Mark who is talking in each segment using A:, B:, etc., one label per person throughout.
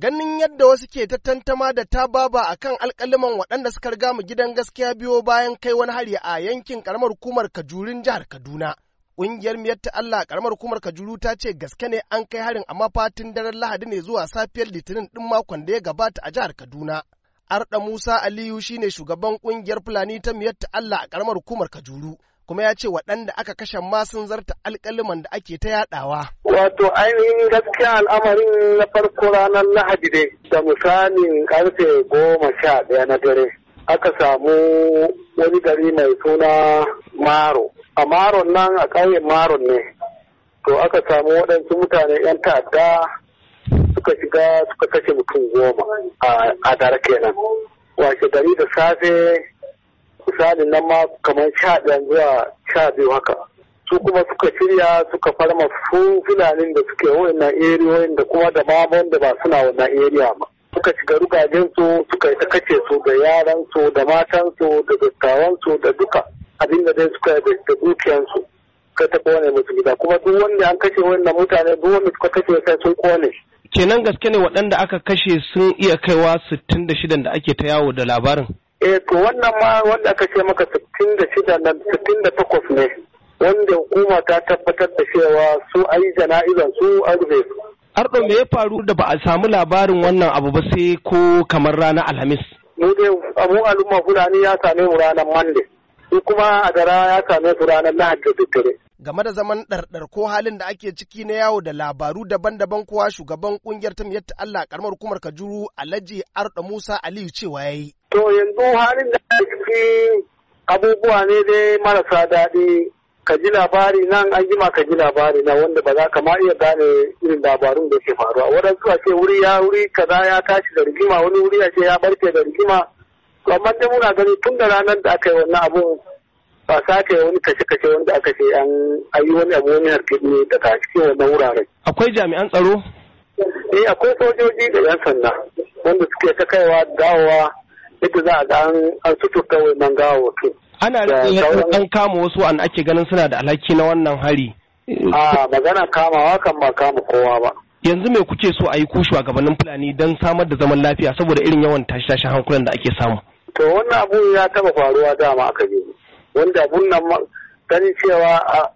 A: ganin yadda wasu ke ta tantama da ta baba a kan alkaliman waɗanda suka riga mu gidan gaskiya biyo bayan kai wani hari a yankin karamar hukumar kajurin jihar kaduna ƙungiyar miyar ta Allah karamar hukumar kajuru ta ce gaske ne an kai harin amma fatin daren lahadi ne zuwa safiyar litinin ɗin makon da ya gabata a jihar kaduna Arɗa musa aliyu shine shugaban ƙungiyar fulani ta miyar ta Allah a karamar hukumar kajuru kuma ya ce waɗanda aka kashe ma sun zarta alƙaliman da ake ta yaɗawa.
B: Wato ainihin gaskiya al'amarin na farko ranar Lahadi dai da misalin karfe goma sha ɗaya na dare aka samu wani gari mai suna Maro. A Maron nan a ƙauyen Maron ne. To aka samu waɗansu mutane 'yan ta'adda suka shiga suka kashe mutum goma a dare kenan. Wace gari da safe misali nan ma kamar sha ɗan zuwa sha biyu haka su kuma suka shirya suka farma su filanin da suke wayannan eriyoyin da kuma da mamon da ba suna wannan eriya ba suka shiga rugagen su suka yi ta kace su da yaran su da matan su da dattawan su da duka abin da dai suka yi da dukiyan su suka ta kone musu gida kuma duk wanda an kashe wayannan mutane duk wanda suka kashe sai sun kone
C: kenan gaske ne waɗanda aka kashe sun iya kaiwa sittin da shidan da ake ta yawo da labarin
B: eh to wannan ma wanda aka ce maka 66 nan takwas ne wanda hukuma ta tabbatar da cewa su a yi jana'izan su a rufe su arɗo me ya faru da ba a
C: samu labarin wannan abu ba sai ko kamar ranar alhamis
B: mu dai abu al'umma fulani ya same mu ranar mande su kuma a dara ya same su ranar lahadi da dare game da zaman
A: ɗarɗar ko halin da ake ciki na yawo da labaru daban-daban kuwa shugaban ƙungiyar kungiyar miyatta Allah karamar hukumar Kajuru Alhaji Arda Musa Aliyu cewa yayi.
B: To yanzu halin da ake ciki abubuwa ne dai marasa daɗi ka ji labari nan an jima ka ji labari na wanda ba za ka ma iya gane irin labarun da ke faruwa waɗansu a ce wuri ya wuri kaza ya tashi da rigima wani wuri ya ce ya barke da rigima to amma dai muna gani tun da ranar da aka yi wannan abun ba sace wani kashe-kashe wanda aka ce an ayi wani abu wani harkar ne daga cikin wannan wuraren.
C: Akwai jami'an tsaro?
B: Eh akwai sojoji da 'yan sanda wanda suke ta kaiwa dawowa yadda za a ga an man wannan wato Ana rikin
C: an kama wasu an ake ganin suna da alhaki na wannan hari.
B: A magana kamawa kan ba kama kowa ba.
C: Yanzu me kuke so a yi ku shugabannin Fulani don samar da zaman lafiya saboda irin yawan tashi tashi hankulan da ake samu?
B: To wannan abu ya taba faruwa dama aka je wanda wannan ganin cewa a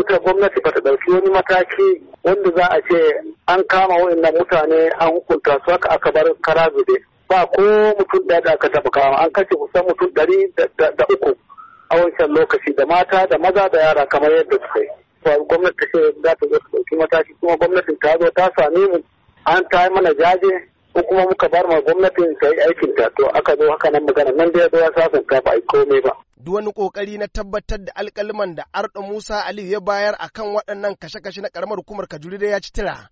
B: ita gwamnati bata ɗauki wani mataki wanda za a ce an kama wa'annan mutane an hukunta su haka aka bar kara zube ba ko mutum da aka taɓa kama an kashe kusan mutum ɗari da uku a wancan lokaci da mata da maza da yara kamar yadda suka yi gwamnati ta ce za ta zo ta ɗauki mataki kuma gwamnatin ta zo ta same mu an ta mana jaje ko kuma muka bar ma gwamnatin ta yi aikin ta to aka zo haka nan magana nan da ya sa ya ba a komai ba.
A: Duk wani kokari na tabbatar da alkaliman da Arɗo Musa Aliyu ya bayar a kan waɗannan kashe-kashe na ƙaramar hukumar Kajuri da ya ci tira.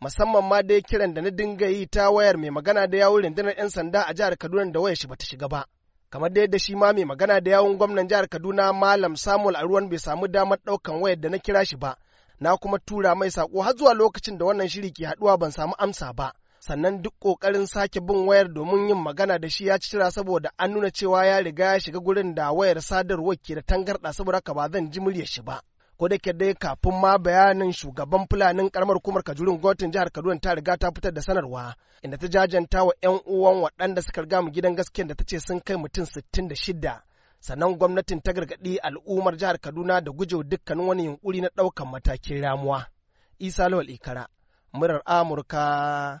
A: musamman ma dai kiran da na dinga yi ta wayar mai magana da yawun rundunar 'yan sanda a jihar Kaduna da wayar shi bata shiga ba. Kamar da yadda shi ma mai magana da yawun gwamnan jihar Kaduna Malam Samuel Aruwan bai samu damar ɗaukan wayar da na kira shi ba. Na kuma tura mai saƙo har zuwa lokacin da wannan shiri ke haɗuwa ban samu amsa ba. sannan duk kokarin sake bin wayar domin yin magana da shi ya ci cira saboda an nuna cewa ya riga ya shiga gurin da wayar sadarwar ke da tangarɗa saboda haka ba zan ji muryar shi ba. Ko da dai kafin ma bayanin shugaban fulanin karamar hukumar Kajurin Gotin jihar Kaduna ta riga ta fitar da sanarwa inda ta jajanta wa 'yan uwan waɗanda suka riga mu gidan gaskiya da ta ce sun kai mutum sittin da shida. sannan gwamnatin ta gargaɗi al'ummar jihar Kaduna da gujewa dukkanin wani yunkuri na ɗaukan matakin ramuwa. Isa Lawal Ikara, murar Amurka